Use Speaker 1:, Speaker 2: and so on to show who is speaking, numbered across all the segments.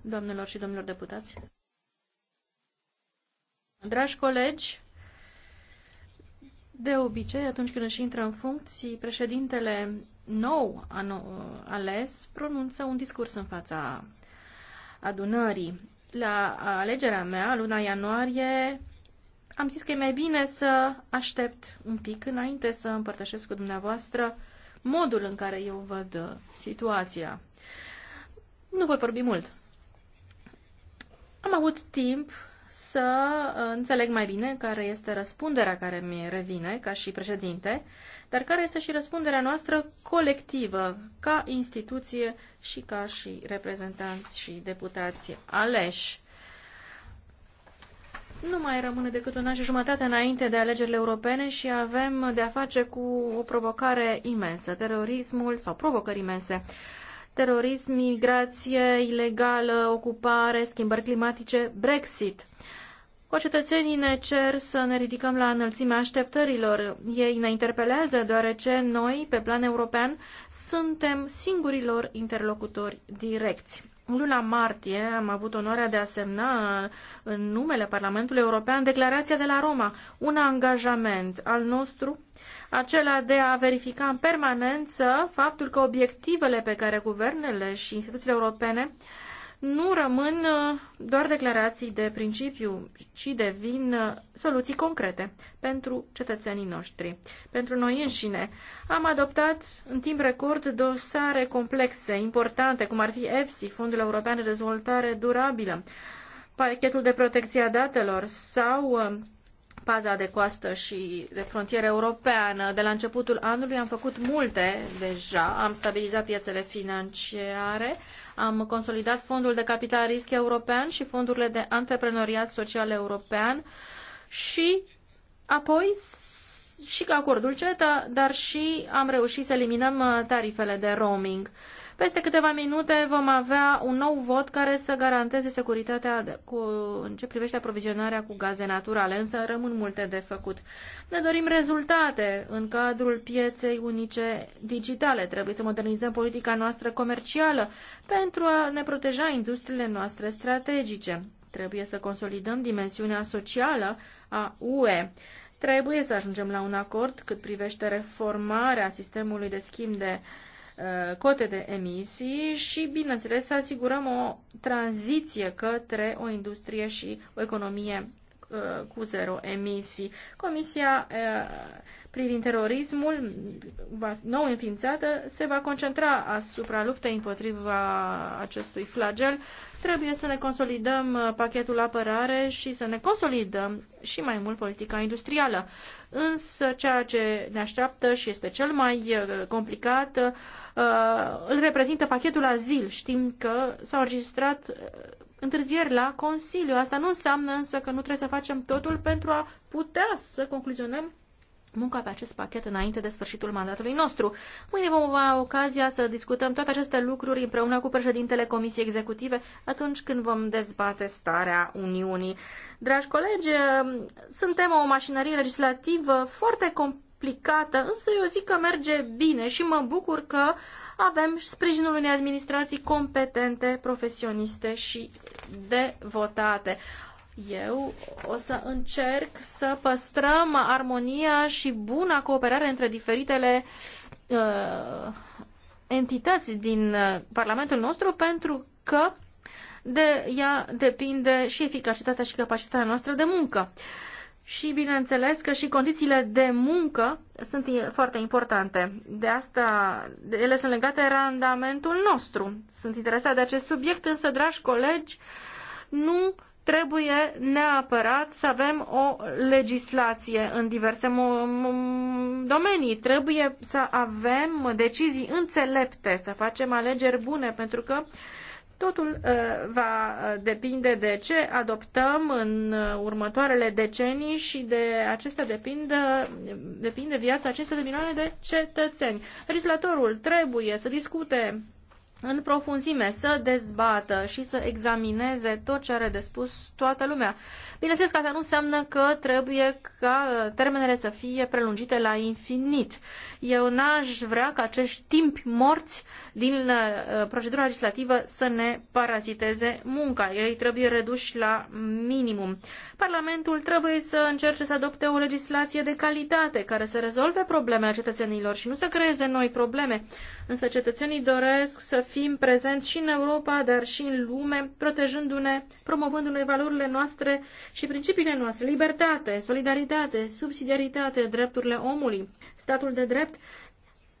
Speaker 1: doamnelor și domnilor deputați dragi colegi de obicei atunci când își intră în funcții președintele nou ales pronunță un discurs în fața adunării la alegerea mea luna ianuarie am zis că e mai bine să aștept un pic înainte să împărtășesc cu dumneavoastră modul în care eu văd uh, situația. Nu voi vorbi mult. Am avut timp să uh, înțeleg mai bine care este răspunderea care mi revine ca și președinte, dar care este și răspunderea noastră colectivă ca instituție și ca și reprezentanți și deputați aleși. Nu mai rămâne decât un an și jumătate înainte de alegerile europene și avem de-a face cu o provocare imensă, terorismul sau provocări imense. Terorism, migrație ilegală, ocupare, schimbări climatice, Brexit. O Cetățenii ne cer să ne ridicăm la înălțimea așteptărilor. Ei ne interpelează deoarece noi, pe plan european, suntem singurilor interlocutori direcți. În luna martie am avut onoarea de a semna uh, în numele Parlamentului European declarația de la Roma, un angajament al nostru, acela de a verifica în permanență faptul că obiectivele pe care guvernele și instituțiile europene uh, nu rămân uh, doar declarații de principiu, ci devin uh, soluții concrete pentru cetățenii noștri, pentru noi înșine. Am adoptat în timp record dosare complexe, importante, cum ar fi EFSI, Fondul European de Dezvoltare Durabilă, pachetul de protecție a datelor sau uh, paza de coastă și de frontieră europeană. De la începutul anului am făcut multe deja. Am stabilizat piețele financiare, am consolidat fondul de capital risc european și fondurile de antreprenoriat social european și apoi și cu acordul CETA, dar și am reușit să eliminăm uh, tarifele de roaming. Peste câteva minute vom avea un nou vot care să garanteze securitatea cu, în ce privește aprovizionarea cu gaze naturale, însă rămân multe de făcut. Ne dorim rezultate în cadrul pieței unice digitale. Trebuie să modernizăm politica noastră comercială pentru a ne proteja industriile noastre strategice. Trebuie să consolidăm dimensiunea socială a UE. Trebuie să ajungem la un acord cât privește reformarea sistemului de schimb de uh, cote de emisii și, bineînțeles, să asigurăm o tranziție către o industrie și o economie Uh, cu zero emisii. Comisia uh, privind terorismul, nou înființată, se va concentra asupra luptei împotriva acestui flagel. Trebuie să ne consolidăm uh, pachetul apărare și să ne consolidăm și mai mult politica industrială. Însă ceea ce ne așteaptă și este cel mai complicat îl reprezintă pachetul azil. Știm că s-au înregistrat întârzieri la Consiliu. Asta nu înseamnă însă că nu trebuie să facem totul pentru a putea să concluzionăm munca pe acest pachet înainte de sfârșitul mandatului nostru. Mâine vom avea ocazia să discutăm toate aceste lucruri împreună cu președintele Comisiei Executive atunci când vom dezbate starea Uniunii. Dragi colegi, suntem o mașinărie legislativă foarte complexă complicată, însă eu zic că merge bine și mă bucur că avem sprijinul unei administrații competente, profesioniste și devotate. Eu o să încerc să păstrăm armonia și buna cooperare între diferitele uh, entități din uh, Parlamentul nostru pentru că de ea depinde și eficacitatea și capacitatea noastră de muncă. Uh, și bineînțeles că și condițiile de muncă sunt foarte importante. De asta ele sunt legate randamentul nostru. Sunt interesat de acest subiect, însă, dragi colegi, nu trebuie neapărat să avem o legislație în diverse domenii. Trebuie să avem decizii înțelepte, să facem alegeri bune, pentru că uh, Totul uh, va uh, depinde de ce adoptăm în uh, următoarele decenii și de acestea depinde, depinde viața acestor de milioane de cetățeni. Legislatorul trebuie să discute în profunzime, să dezbată și să examineze tot ce are de spus toată lumea. Bineînțeles că asta nu înseamnă că trebuie ca uh, termenele să fie prelungite la infinit. Eu n-aș vrea ca acești timpi morți din uh, procedura legislativă să ne paraziteze munca. Ei trebuie reduși la minimum. Parlamentul trebuie să încerce să adopte o legislație de calitate care să rezolve problemele cetățenilor și nu să creeze noi probleme. Însă cetățenii doresc să fie fim prezenți și în Europa, dar și în lume, protejându-ne, promovându-ne valorile noastre și principiile noastre, libertate, solidaritate, subsidiaritate, drepturile omului, statul de drept,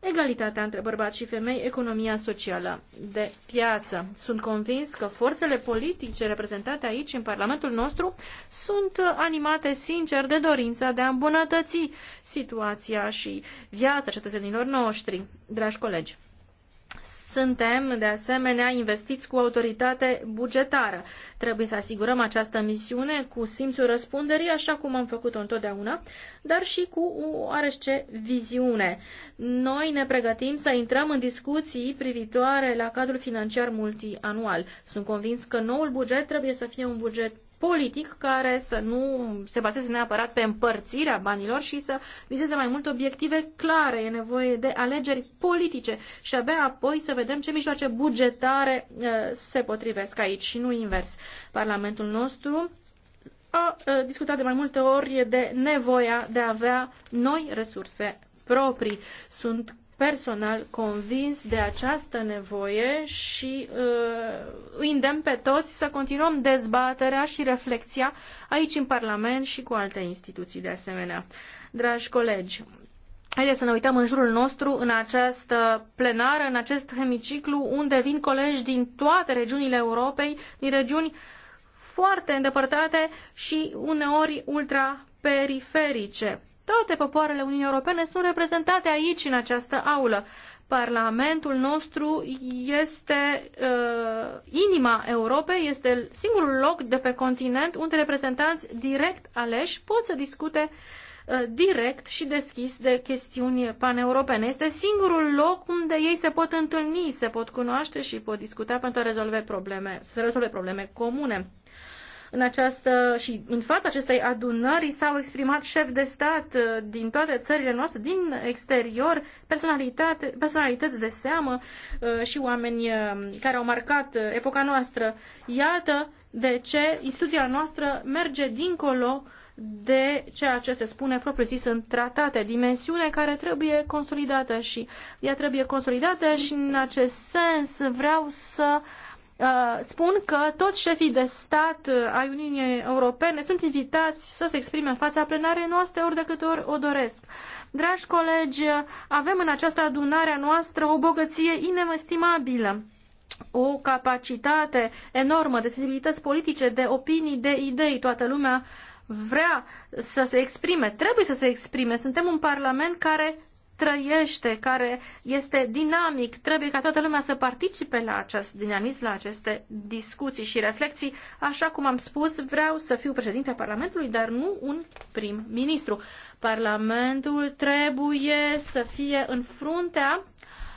Speaker 1: egalitatea între bărbați și femei, economia socială de piață. Sunt convins că forțele politice reprezentate aici în Parlamentul nostru sunt animate sincer de dorința de a îmbunătăți situația și viața cetățenilor noștri. Dragi colegi, suntem, de asemenea, investiți cu autoritate bugetară. Trebuie să asigurăm această misiune cu simțul răspunderii, așa cum am făcut-o întotdeauna, dar și cu oarește viziune. Noi ne pregătim să intrăm în discuții privitoare la cadrul financiar multianual. Sunt convins că noul buget trebuie să fie un buget politic care să nu se bazeze neapărat pe împărțirea banilor și să vizeze mai mult obiective clare. E nevoie de alegeri politice și abia apoi să vedem ce mijloace bugetare uh, se potrivesc aici și nu invers. Parlamentul nostru a uh, discutat de mai multe ori de nevoia de a avea noi resurse proprii. Sunt personal convins de această nevoie și uh, îi îndemn pe toți să continuăm dezbaterea și reflexia aici în Parlament și cu alte instituții de asemenea. Dragi colegi, haideți să ne uităm în jurul nostru, în această plenară, în acest hemiciclu, unde vin colegi din toate regiunile Europei, din regiuni foarte îndepărtate și uneori ultra periferice. Toate popoarele Uniunii Europene sunt reprezentate aici, în această aulă. Parlamentul nostru este uh, inima Europei, este singurul loc de pe continent unde reprezentanți direct aleși pot să discute uh, direct și deschis de chestiuni paneuropene. Este singurul loc unde ei se pot întâlni, se pot cunoaște și pot discuta pentru a rezolve probleme, să rezolve probleme comune. În această, și în fața acestei adunări s-au exprimat șefi de stat uh, din toate țările noastre, din exterior, personalitate, personalități de seamă uh, și oameni uh, care au marcat epoca noastră. Iată de ce instituția noastră merge dincolo de ceea ce se spune propriu-zis în tratate, dimensiune care trebuie consolidată și ea trebuie consolidată și în acest sens vreau să uh, Uh, spun că toți șefii de stat uh, ai Uniunii Europene sunt invitați să se exprime în fața plenarei noastre ori de câte ori o doresc. Dragi colegi, avem în această adunare a noastră o bogăție inestimabilă o capacitate enormă de sensibilități politice, de opinii, de idei. Toată lumea vrea să se exprime, trebuie să se exprime. Suntem un parlament care trăiește, care este dinamic. Trebuie ca toată lumea să participe la acest dinamism, la aceste discuții și reflexii. Așa cum am spus, vreau să fiu președinte Parlamentului, dar nu un prim-ministru. Parlamentul trebuie să fie în fruntea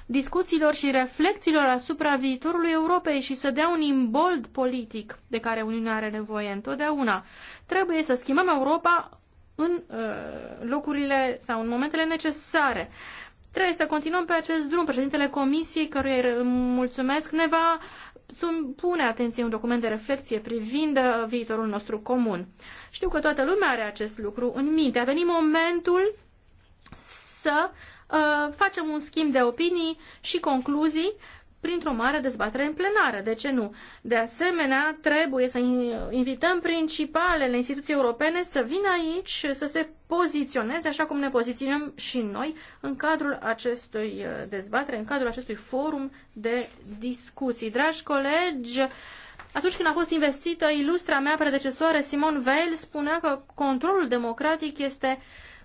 Speaker 1: discuțiilor și reflexiilor asupra viitorului Europei și să dea un imbold politic de care Uniunea are nevoie întotdeauna. Trebuie să schimbăm Europa în uh, locurile sau în momentele necesare. Trebuie să continuăm pe acest drum. Președintele Comisiei, căruia îi mulțumesc, ne va pune atenție un document de reflexie privind uh, viitorul nostru comun. Știu că toată lumea are acest lucru în minte. A venit momentul să uh, facem un schimb de opinii și concluzii printr-o mare dezbatere în plenară. De ce nu? De asemenea, trebuie să invităm principalele instituții europene să vină aici, să se poziționeze așa cum ne poziționăm și noi în cadrul acestui uh, dezbatere, în cadrul acestui forum de discuții. Dragi colegi, atunci când a fost investită ilustra mea predecesoare Simon Veil spunea că controlul democratic este uh,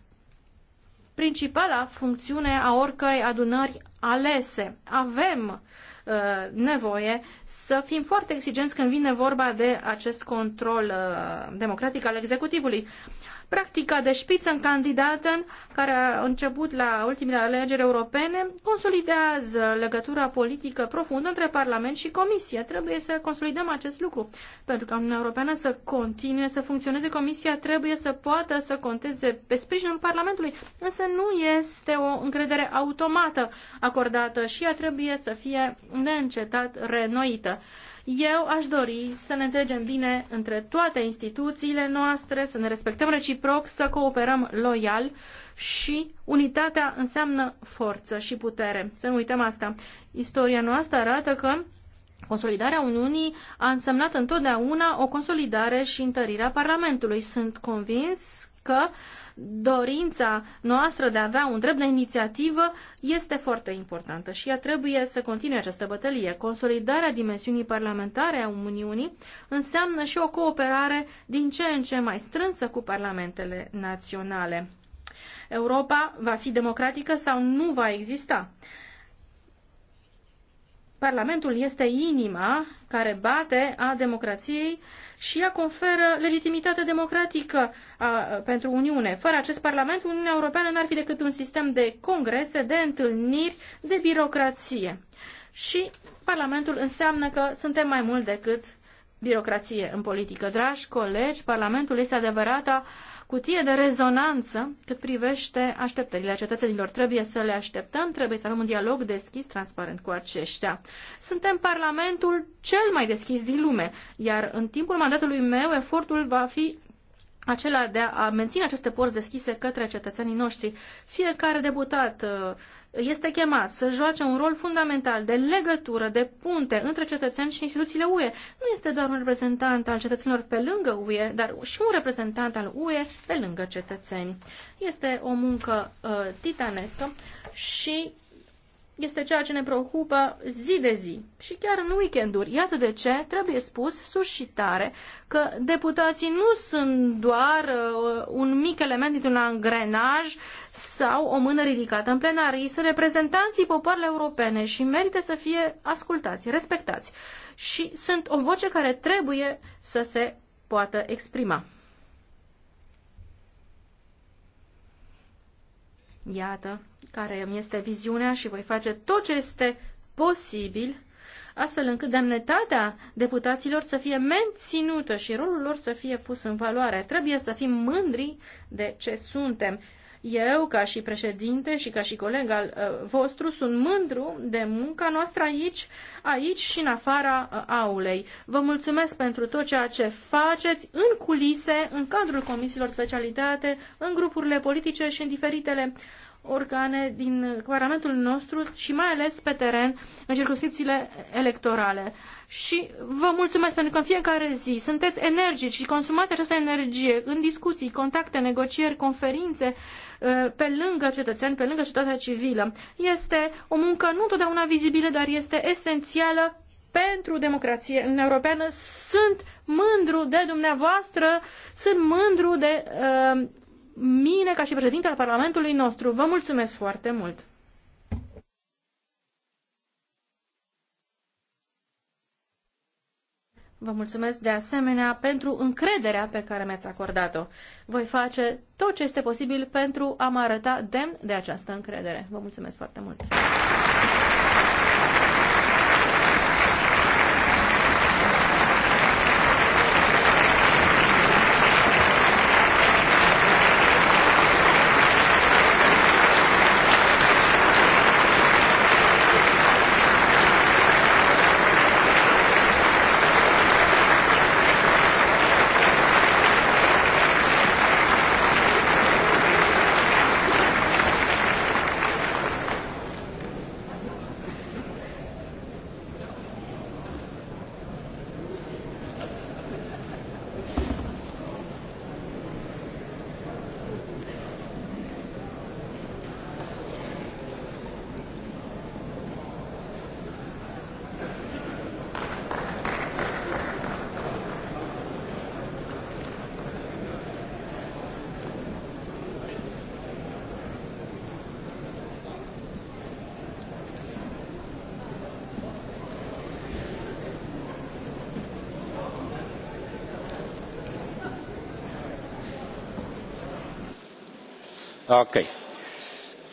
Speaker 1: principala funcțiune a oricărei adunări alese. Avem uh, nevoie să fim foarte exigenți când vine vorba de acest control uh, democratic al executivului. Practica de Spitzenkandidaten, care a început la ultimele alegeri europene, consolidează legătura politică profundă între Parlament și Comisie. Trebuie să consolidăm acest lucru. Pentru ca Uniunea Europeană să continue să funcționeze, Comisia trebuie să poată să conteze pe sprijinul Parlamentului, însă nu este o încredere automată acordată și ea trebuie să fie neîncetat renoită. Eu aș dori să ne întregem bine între toate instituțiile noastre, să ne respectăm reciproc, să cooperăm loial și unitatea înseamnă forță și putere. Să nu uităm asta. Istoria noastră arată că Consolidarea Uniunii a însemnat întotdeauna o consolidare și întărirea Parlamentului. Sunt convins că dorința noastră de a avea un drept de inițiativă este foarte importantă și ea trebuie să continue această bătălie. Consolidarea dimensiunii parlamentare a Uniunii înseamnă și o cooperare din ce în ce mai strânsă cu parlamentele naționale. Europa va fi democratică sau nu va exista. Parlamentul este inima care bate a democrației și ea conferă legitimitate democratică a, pentru Uniune. Fără acest Parlament, Uniunea Europeană n-ar fi decât un sistem de congrese, de întâlniri, de birocrație. Și Parlamentul înseamnă că suntem mai mult decât birocrație în politică. Dragi colegi, Parlamentul este adevărata cutie de rezonanță cât privește așteptările cetățenilor. Trebuie să le așteptăm, trebuie să avem un dialog deschis, transparent cu aceștia. Suntem Parlamentul cel mai deschis din lume, iar în timpul mandatului meu efortul va fi acela de a menține aceste porți deschise către cetățenii noștri. Fiecare deputat uh, este chemat să joace un rol fundamental de legătură, de punte între cetățeni și instituțiile UE. Nu este doar un reprezentant al cetățenilor pe lângă UE, dar și un reprezentant al UE pe lângă cetățeni. Este o muncă uh, titanescă și este ceea ce ne preocupă zi de zi și chiar în weekenduri. Iată de ce trebuie spus sus și tare că deputații nu sunt doar uh, un mic element dintr-un angrenaj sau o mână ridicată în plenar. Ei sunt reprezentanții popoarele europene și merită să fie ascultați, respectați și sunt o voce care trebuie să se poată exprima. Iată care îmi este viziunea și voi face tot ce este posibil astfel încât demnitatea deputaților să fie menținută și rolul lor să fie pus în valoare. Trebuie să fim mândri de ce suntem. Eu, ca și președinte și ca și coleg al uh, vostru, sunt mândru de munca noastră aici, aici și în afara uh, aulei. Vă mulțumesc pentru tot ceea ce faceți în culise, în cadrul comisiilor specialitate, în grupurile politice și în diferitele uh, organe din Parlamentul nostru și mai ales pe teren, în circunscripțiile electorale. Și vă mulțumesc pentru că în fiecare zi sunteți energici și consumați această energie în discuții, contacte, negocieri, conferințe, eh, pe lângă cetățeni, pe lângă cetatea civilă. Este o muncă nu întotdeauna vizibilă, dar este esențială pentru democrație în europeană. Sunt mândru de dumneavoastră, sunt mândru de uh, mine ca și președinte al Parlamentului nostru. Vă mulțumesc foarte mult! Vă mulțumesc de asemenea pentru încrederea pe care mi-ați acordat-o. Voi face tot ce este posibil pentru a mă arăta demn de această încredere. Vă mulțumesc foarte mult!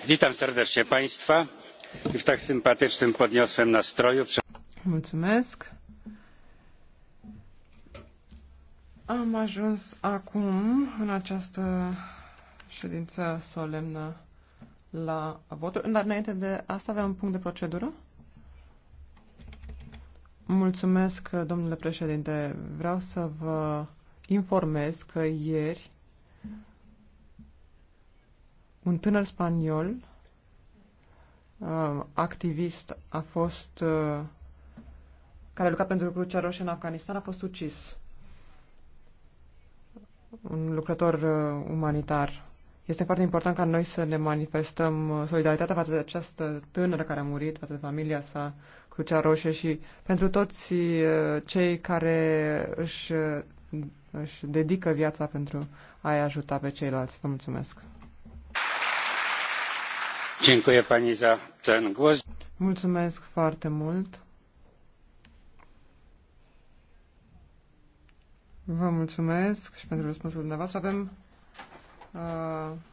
Speaker 2: witam serdecznie państwa i w tak sympatycznym Mulțumesc. Am ajuns acum în această ședință solemnă la voturi. Dar înainte de asta aveam un punct de procedură? Mulțumesc, domnule președinte. Vreau să vă informez că ieri un tânăr spaniol, uh, activist, a fost, uh, care lucrat pentru Crucea Roșie în Afganistan, a fost ucis. Un lucrător uh, umanitar. Este foarte important ca noi să ne manifestăm solidaritatea față de această tânără care a murit, față de familia sa, Crucea Roșie și pentru toți cei care își, își dedică viața pentru a-i ajuta pe ceilalți. Vă mulțumesc! Mulțumesc foarte mult. Vă mulțumesc și pentru răspunsul dumneavoastră. Avem uh,